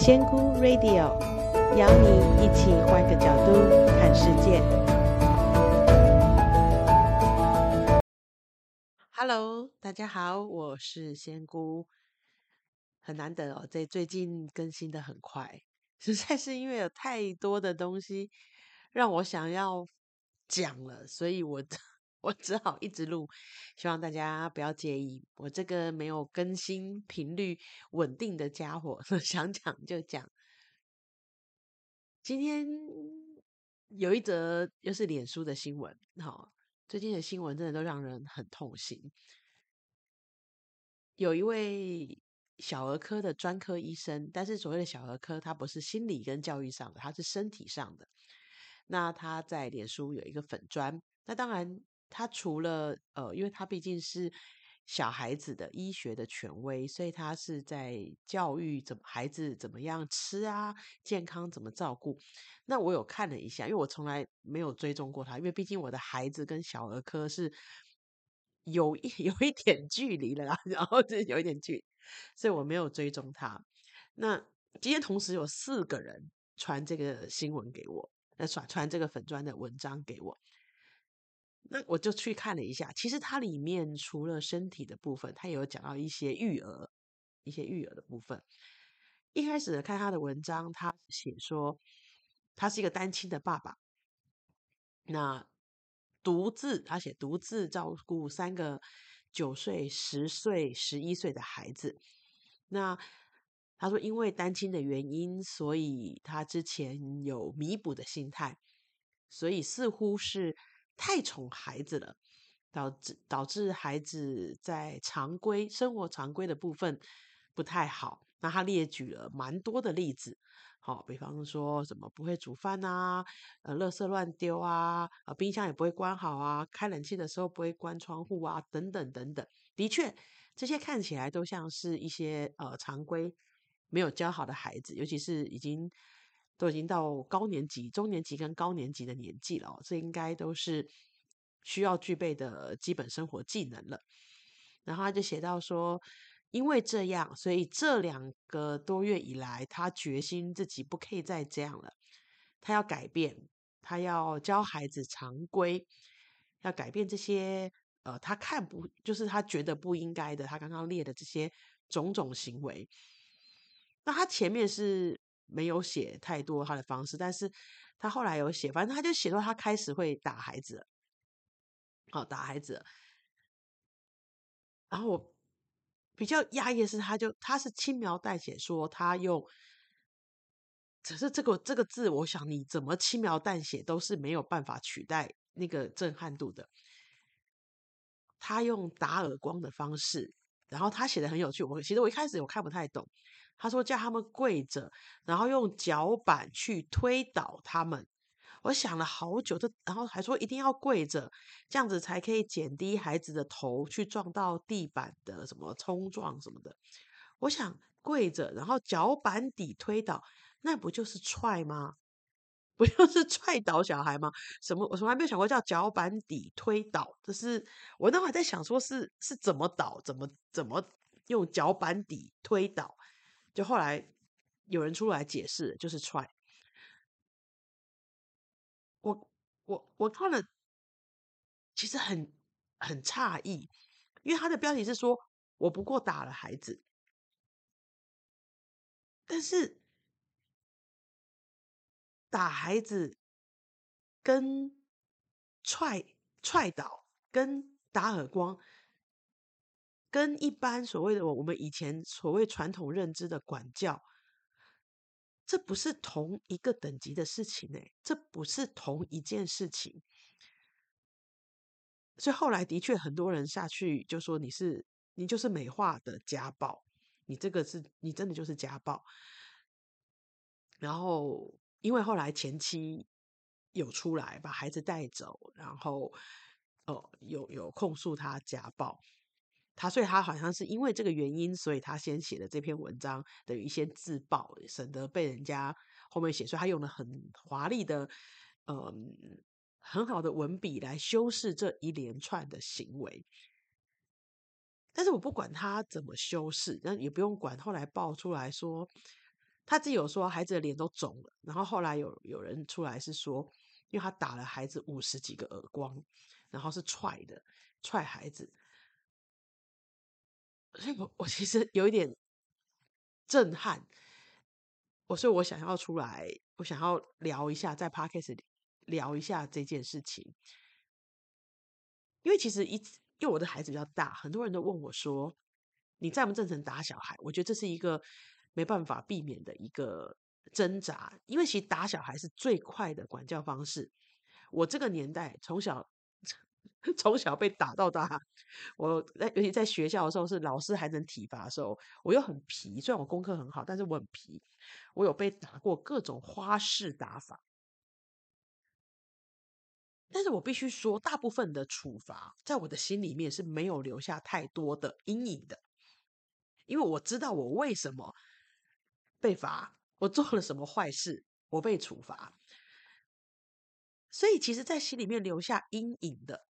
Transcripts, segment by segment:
仙姑 Radio 邀你一起換個角度看世界。Hello，大家好，我是仙姑。很難得哦，這最近更新的很快，實在是因為有太多的東西讓我想要講了，所以我的。我只好一直錄，希望大家不要介意我這個沒有更新頻率穩定的家伙。想講就講。今天有一則又是臉書的新聞，哦，最近的新聞真的都讓人很痛心。有一位小兒科的專科醫生，但是所謂的小兒科，他不是心理跟教育上的，他是身體上的。那他在臉書有一個粉專，那當然。他除了呃，因為他畢竟是小孩子的醫學的權威，所以他是在教育怎麼孩子怎麼樣吃啊，健康怎麼照顧。那我有看了一下，因為我從來沒有追蹤過他，因為畢竟我的孩子跟小兒科是有一有一點距離了啦，然後是有一點距離，所以我沒有追蹤他。那今天同時有四個人傳這個新聞給我，那傳傳這個粉專的文章給我。那我就去看了一下，其實它裡面除了身體的部分，它也有講到一些育兒、一些育兒的部分。一開始看他的文章，他寫說他是一個單親的爸爸，那獨自他寫獨自照顧三個九歲、十歲、十一歲的孩子。那他說，因為單親的原因，所以他之前有彌補的心態，所以似乎是。太寵孩子了，導致導致孩子在常規生活常規的部分不太好。那他列舉了蠻多的例子，好、哦，比方說什麼不會煮飯啊，呃，垃圾亂丟啊、呃，冰箱也不會關好啊，開冷氣的時候不會關窗戶啊，等等等等。的確，這些看起來都像是一些呃常規沒有教好的孩子，尤其是已經。都已經到高年級、中年級跟高年級的年紀了哦，這應該都是需要具備的基本生活技能了。然後他就寫到說：“因為這樣，所以這兩個多月以來，他決心自己不可以再這樣了。他要改變，他要教孩子常規，要改變這些……呃，他看不就是他覺得不應該的，他剛剛列的這些種種行為。那他前面是。”沒有寫太多他的方式，但是他後來有寫，反正他就寫說他開始會打孩子了，好打孩子了，然後我比較壓抑的是他就他是輕描淡寫說他用，只是這個這個字，我想你怎麼輕描淡寫都是沒有辦法取代那個震撼度的。他用打耳光的方式，然後他寫得很有趣，我其實我一開始我看不太懂。他說叫他們跪着，然後用腳板去推倒他們。我想了好久，然後還說一定要跪着，這樣子才可以減低孩子的頭去撞到地板的什麼衝撞什麼的。我想跪着，然後腳板底推倒，那不就是踹嗎？不就是踹倒小孩嗎？什麼我從來沒有想過叫腳板底推倒。這是我那會兒在想，說是是怎麼倒，怎麼怎麼用腳板底推倒。就後來有人出來解釋，就是踹。我我我看了，其實很很詫異，因為他的標題是說“我不過打了孩子”，但是打孩子跟踹踹倒，跟打耳光。跟一般所謂的我，我們以前所謂傳統認知的管教，這不是同一個等級的事情呢，欸。這不是同一件事情。所以後來的確很多人下去就說，你是你就是美化的家暴，你這個是你真的就是家暴。然後，因為後來前妻有出來把孩子帶走，然後哦、呃、有有控訴他家暴。他，所以他好像是因為這個原因，所以他先寫的這篇文章等於一些自曝，省得被人家後面寫。所以他用了很華麗的，嗯、呃，很好的文筆來修飾這一連串的行為。但是我不管他怎麼修飾，那也不用管。後來爆出來說，他自己有說孩子的臉都腫了。然後後來有有人出來是說，因為他打了孩子五十幾個耳光，然後是踹的，踹孩子。所以我我其實有一點震撼，我所以，我想要出來，我想要聊一下，在 Podcast 裡聊一下這件事情。因為其實一，因為我的孩子比較大，很多人都問我說：“你贊不贊成打小孩？”我覺得這是一個沒辦法避免的一個掙扎，因為其實打小孩是最快的管教方式。我這個年代從小，從小被打到大，我尤其在學校的時候，是老師還能體罰的時候，我又很皮。雖然我功課很好，但是我很皮。我有被打過各種花式打法，但是我必須說，大部分的處罰在我的心裡面是沒有留下太多的陰影的，因為我知道我為什麼被罰，我做了什麼壞事，我被處罰。所以，其實，在心裡面留下陰影的。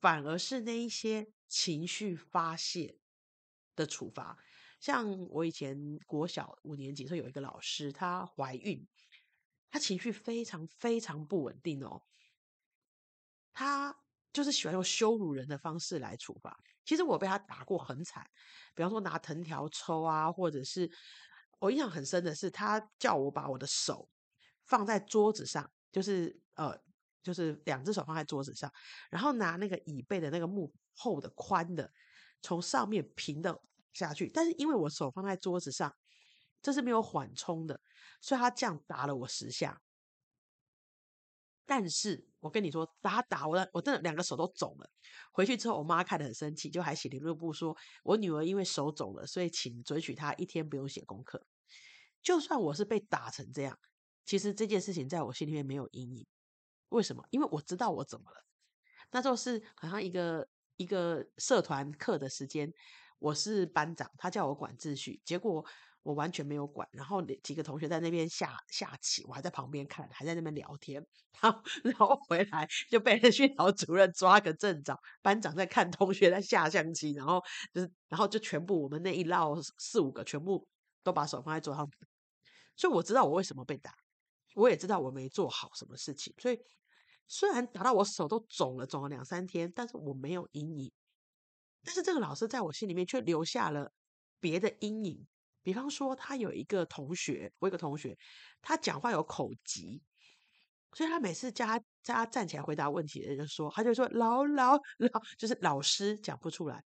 反而是那一些情緒發洩的處罰，像我以前國小五年級時候有一個老師，她懷孕，她情緒非常非常不穩定哦，她就是喜歡用羞辱人的方式來處罰。其實我被她打過很慘，比方說拿藤條抽啊，或者是我印象很深的是，她叫我把我的手放在桌子上，就是呃。就是兩隻手放在桌子上，然後拿那個椅背的那個木厚的寬的，從上面平的下去。但是因為我手放在桌子上，這是沒有緩衝的，所以他這樣打了我十下。但是我跟你說，打打我了，我真的兩個手都腫了。回去之後，我媽看得很生氣，就還寫聯絡簿說，我女兒因為手腫了，所以請准許她一天不用寫功課。就算我是被打成這樣，其實這件事情在我心裡面沒有陰影。為什麼？因為我知道我怎麼了。那就是好像一個一個社團課的時間，我是班長，他叫我管秩序，結果我完全沒有管。然後幾個同學在那邊下下棋，我還在旁邊看，還在那邊聊天。然後，然後回來就被人訓導主任抓個正着，班長在看同學在下象棋，然後就是、然後就全部我們那一嘮四五個全部都把手放在桌上。所以我知道我為什麼被打，我也知道我沒做好什麼事情，所以。雖然打到我手都腫了，腫了兩三天，但是我沒有陰影。但是這個老師在我心裡面卻留下了別的陰影。比方說，他有一個同學，我有個同學，他講話有口吃，所以他每次叫他叫他站起來回答問題的時候，說他就說老老老，就是老師講不出來，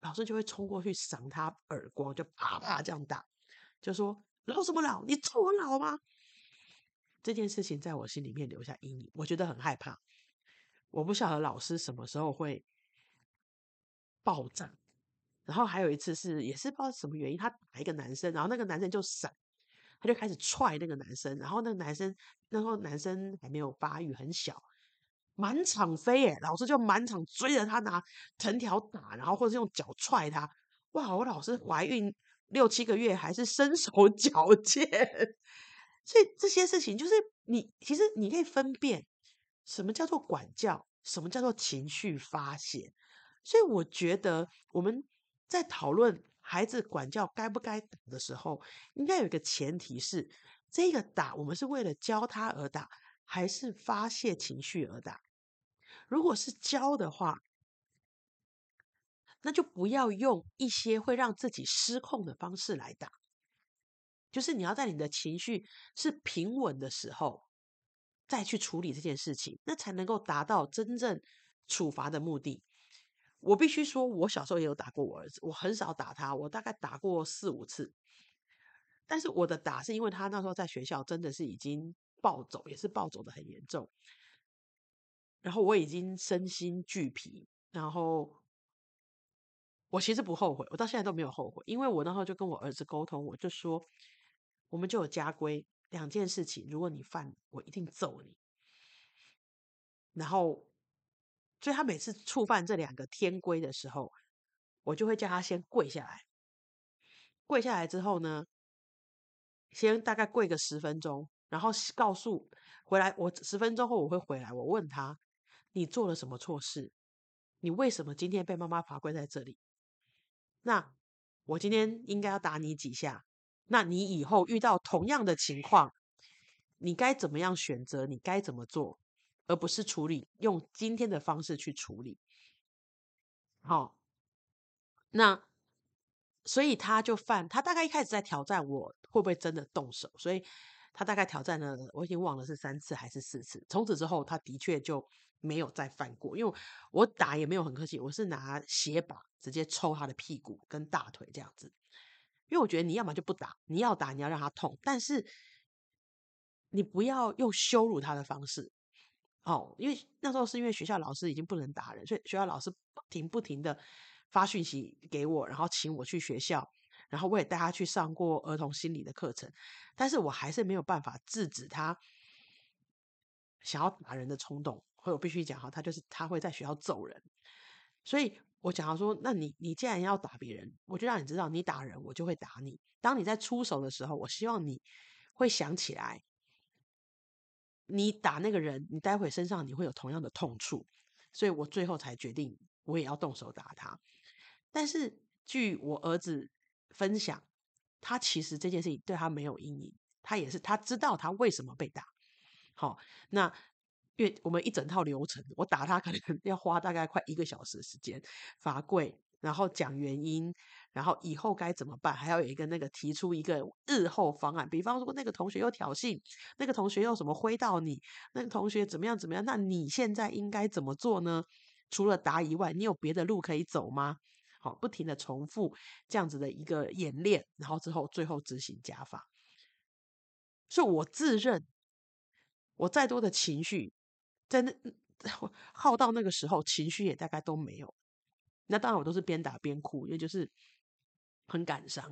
老師就會衝過去賞他耳光，就啪啪這樣打，就說老什麼老，你衝我老嗎？這件事情在我心裡面留下陰影，我覺得很害怕。我不曉得老師什麼時候會爆炸。然後還有一次是，也是不知道什麼原因，他打一個男生，然後那個男生就閃，他就開始踹那個男生。然後那個男生，那個男生還沒有發育，很小，滿場飛耶。耶老師就滿場追着他拿藤條打，然後或者是用腳踹他。哇，我老師懷孕六七個月還是身手矯健。所以這些事情就是你，其實你可以分辨什麼叫做管教，什麼叫做情緒發泄。所以我覺得我們在討論孩子管教該不該打的時候，應該有一個前提是：這個打我們是為了教他而打，還是發泄情緒而打？如果是教的話，那就不要用一些會讓自己失控的方式來打。就是你要在你的情緒是平穩的時候，再去處理這件事情，那才能夠達到真正處罰的目的。我必須說，我小時候也有打過我兒子，我很少打他，我大概打過四五次。但是我的打是因為他那時候在學校真的是已經暴走，也是暴走得很嚴重。然後我已經身心俱疲，然後我其實不後悔，我到現在都沒有後悔，因為我那時候就跟我兒子溝通，我就說。我們就有家規，兩件事情，如果你犯，我一定揍你。然後，所以他每次觸犯這兩個天規的時候，我就會叫他先跪下來。跪下來之後呢，先大概跪個十分鐘，然後告訴回來，我十分鐘後我會回來。我問他，你做了什麼錯事？你為什麼今天被媽媽罰跪在這裡？那我今天應該要打你幾下？那你以後遇到同樣的情況，你該怎麼樣選擇？你該怎麼做，而不是處理用今天的方式去處理。好、哦，那所以他就犯，他大概一開始在挑戰我會不會真的動手，所以他大概挑戰了，我已經忘了是三次還是四次。從此之後，他的確就沒有再犯過，因為我打也沒有很客氣，我是拿鞋把直接抽他的屁股跟大腿這樣子。因為我覺得你要麼就不打，你要打你要讓他痛，但是你不要用羞辱他的方式。哦，因為那時候是因為學校老師已經不能打人，所以學校老師不停不停的發訊息給我，然後請我去學校，然後我也帶他去上過兒童心理的課程，但是我還是沒有辦法制止他想要打人的衝動。所以我必須講哈，他就是他會在學校揍人，所以。我講到說，那你你既然要打別人，我就讓你知道，你打人，我就會打你。當你在出手的時候，我希望你會想起來，你打那個人，你待會身上你會有同樣的痛處。所以我最後才決定，我也要動手打他。但是據我兒子分享，他其實這件事情對他沒有陰影，他也是他知道他為什麼被打。好，那。我們一整套流程，我打他可能要花大概快一個小時時間，罰跪，然後講原因，然後以後該怎麼辦，還要有一個那個提出一個日後方案。比方說那個同學又挑釁，那個同學又什麼揮到你，那個同學怎麼樣怎麼樣，那你現在應該怎麼做呢？除了打以外，你有別的路可以走嗎？好，不停的重複這樣子的一個演練，然後之後最後執行家法。所以，我自認我再多的情緒。在那耗到那個時候，情緒也大概都沒有。那當然，我都是邊打邊哭，也就是很感傷，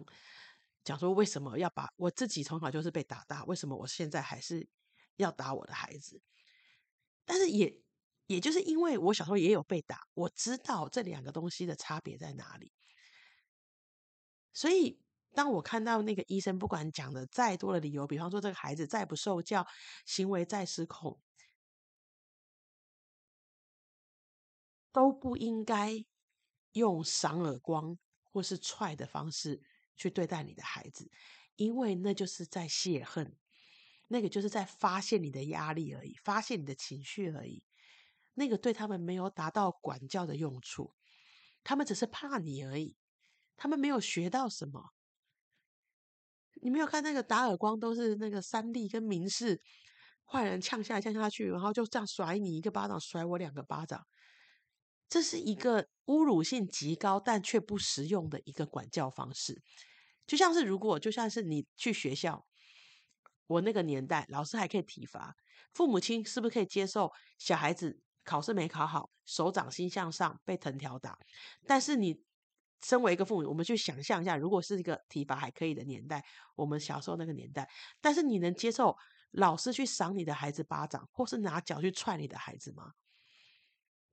講說為什麼要把我自己從小就是被打大，為什麼我現在還是要打我的孩子？但是也也就是因為我小時候也有被打，我知道這兩個東西的差別在哪裡。所以當我看到那個醫生不管講的再多的理由，比方說這個孩子再不受教，行為再失控。都不應該用賞耳光或是踹的方式去對待你的孩子，因為那就是在洩恨，那個就是在發洩你的壓力而已，發洩你的情緒而已。那個對他們沒有達到管教的用處，他們只是怕你而已，他們沒有學到什麼。你沒有看那個打耳光都是那個三立跟民視，壞人嗆下來嗆下去，然後就這樣甩你一個巴掌，甩我兩個巴掌。這是一個侮辱性極高但卻不實用的一個管教方式，就像是如果，就像是你去學校，我那個年代老師還可以體罰，父母親是不是可以接受小孩子考試沒考好，手掌心向上被藤條打？但是你身為一個父母，我們去想象一下，如果是一個體罰還可以的年代，我們小時候那個年代，但是你能接受老師去賞你的孩子巴掌，或是拿腳去踹你的孩子嗎？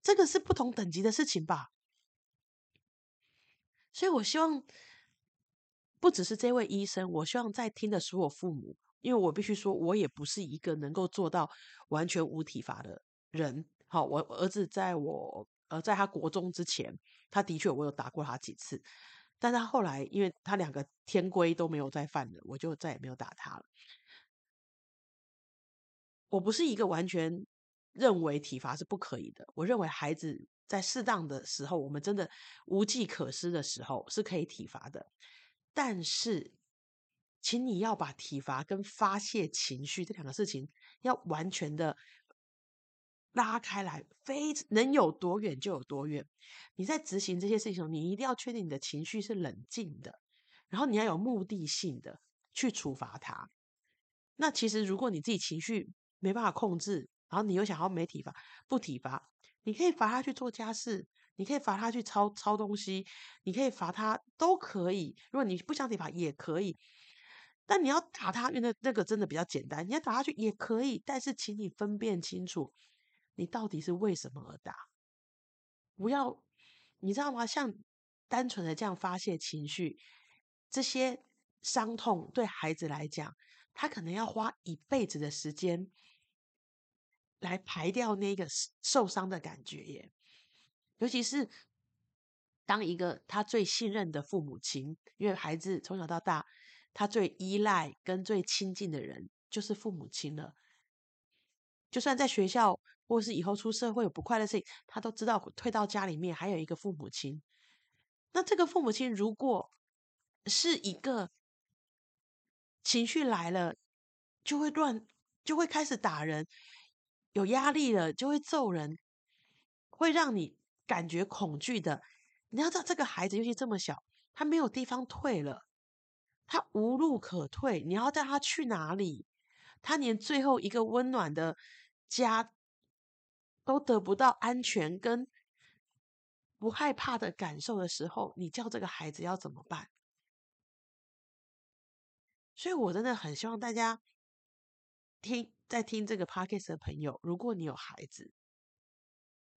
這個是不同等級的事情吧，所以我希望不只是這位醫生，我希望在聽的是我父母，因為我必須說，我也不是一個能夠做到完全無體罰的人。好、哦，我兒子在我呃在他國中之前，他的確我有打過他幾次，但他後來因為他兩個天規都沒有再犯了，我就再也沒有打他了。我不是一個完全。認為體罰是不可以的。我認為孩子在適當的時候，我們真的無計可施的時候是可以體罰的。但是，請你要把體罰跟發洩情緒這兩個事情要完全的拉開來，非能有多遠就有多遠。你在執行這些事情，你一定要確定你的情緒是冷靜的，然後你要有目的性的去處罰他。那其實如果你自己情緒沒辦法控制，然後你又想要沒體罰，不體罰，你可以罰他去做家事，你可以罰他去抄抄東西，你可以罰他，都可以。如果你不想體罰，也可以。但你要打他，因為那個真的比較簡單，你要打他去也可以。但是，請你分辨清楚，你到底是為什麼而打？不要，你知道嗎？像單純的這樣發洩情緒，這些傷痛對孩子來講，他可能要花一輩子的時間，來排掉那個受傷的感覺耶，尤其是當一個他最信任的父母親，因為孩子從小到大，他最依賴跟最親近的人就是父母親了。就算在學校或是以後出社會有不快的事情，他都知道退到家裡面還有一個父母親。那這個父母親如果是一個情緒來了，就會亂，就會開始打人。有壓力了就會揍人，會讓你感覺恐懼的。你要知道，這個孩子尤其這麼小，他沒有地方退了，他無路可退。你要帶他去哪裡？他連最後一個溫暖的家都得不到安全跟不害怕的感受的時候，你叫這個孩子要怎麼辦？所以我真的很希望大家聽。在聽這個 podcast 的朋友，如果你有孩子，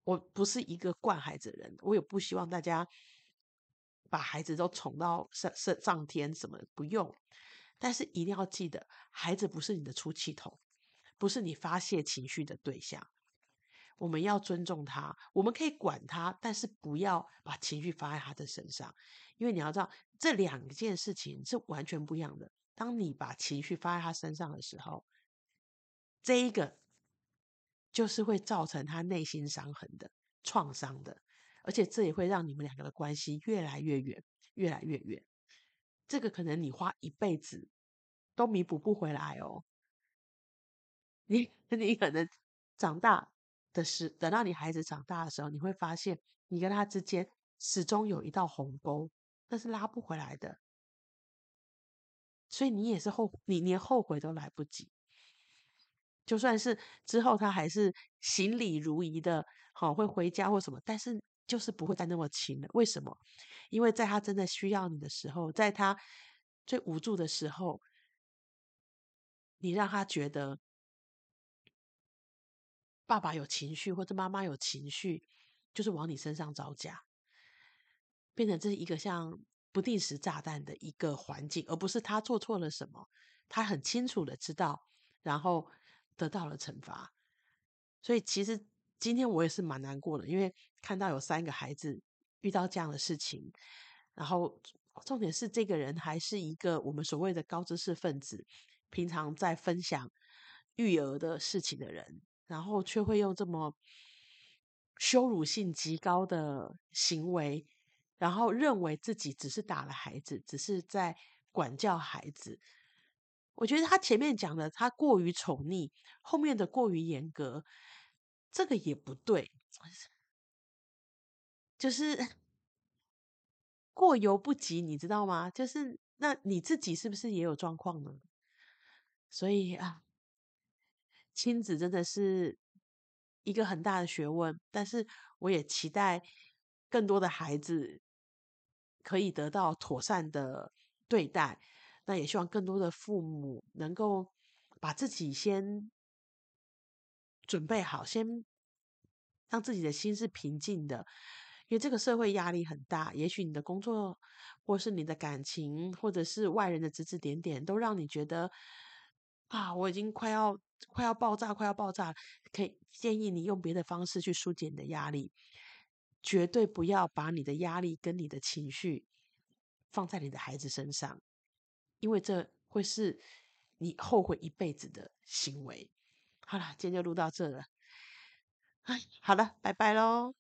我不是一個慣孩子的人，我也不希望大家把孩子都寵到上上上天什麼不用，但是一定要記得，孩子不是你的出氣筒，不是你發洩情緒的對象。我們要尊重他，我們可以管他，但是不要把情緒發在他的身上，因為你要知道，這兩件事情是完全不一樣的。當你把情緒發在他身上的時候，這一個就是會造成他內心傷痕的創傷的，而且這也會讓你們兩個的關係越來越遠，越來越遠。這個可能你花一輩子都彌補不回來哦。你你可能長大的時，等到你孩子長大的時候，你會發現你跟他之間始終有一道鴻溝，那是拉不回來的。所以你也是後，你連後悔都來不及。就算是之後他還是行禮如儀的，好、哦，會回家或什麼，但是就是不會再那麼親了。為什麼？因為在他真的需要你的時候，在他最無助的時候，你讓他覺得爸爸有情緒或者媽媽有情緒，就是往你身上招架，變成這是一個像不定時炸彈的一個環境，而不是他做錯了什麼。他很清楚的知道，然後。得到了懲罰，所以其實今天我也是蠻難過的，因為看到有三個孩子遇到這樣的事情，然後重點是這個人還是一個我們所謂的高知識分子，平常在分享育兒的事情的人，然後卻會用這麼羞辱性極高的行為，然後認為自己只是打了孩子，只是在管教孩子。我覺得他前面講的他過於寵溺，後面的過於嚴格，這個也不對。就是過猶不及，你知道嗎？就是那你自己是不是也有狀況呢？所以啊，親子真的是一個很大的學問。但是我也期待更多的孩子可以得到妥善的對待。那也希望更多的父母能夠把自己先準備好，先讓自己的心是平靜的，因為這個社會壓力很大。也許你的工作，或是你的感情，或者是外人的指指點點，都讓你覺得啊，我已經快要快要爆炸，快要爆炸。可以建議你用別的方式去疏解你的壓力，絕對不要把你的壓力跟你的情緒放在你的孩子身上。因為這會是你後悔一輩子的行為。好了，今天就錄到這了。哎，好了，拜拜嘍。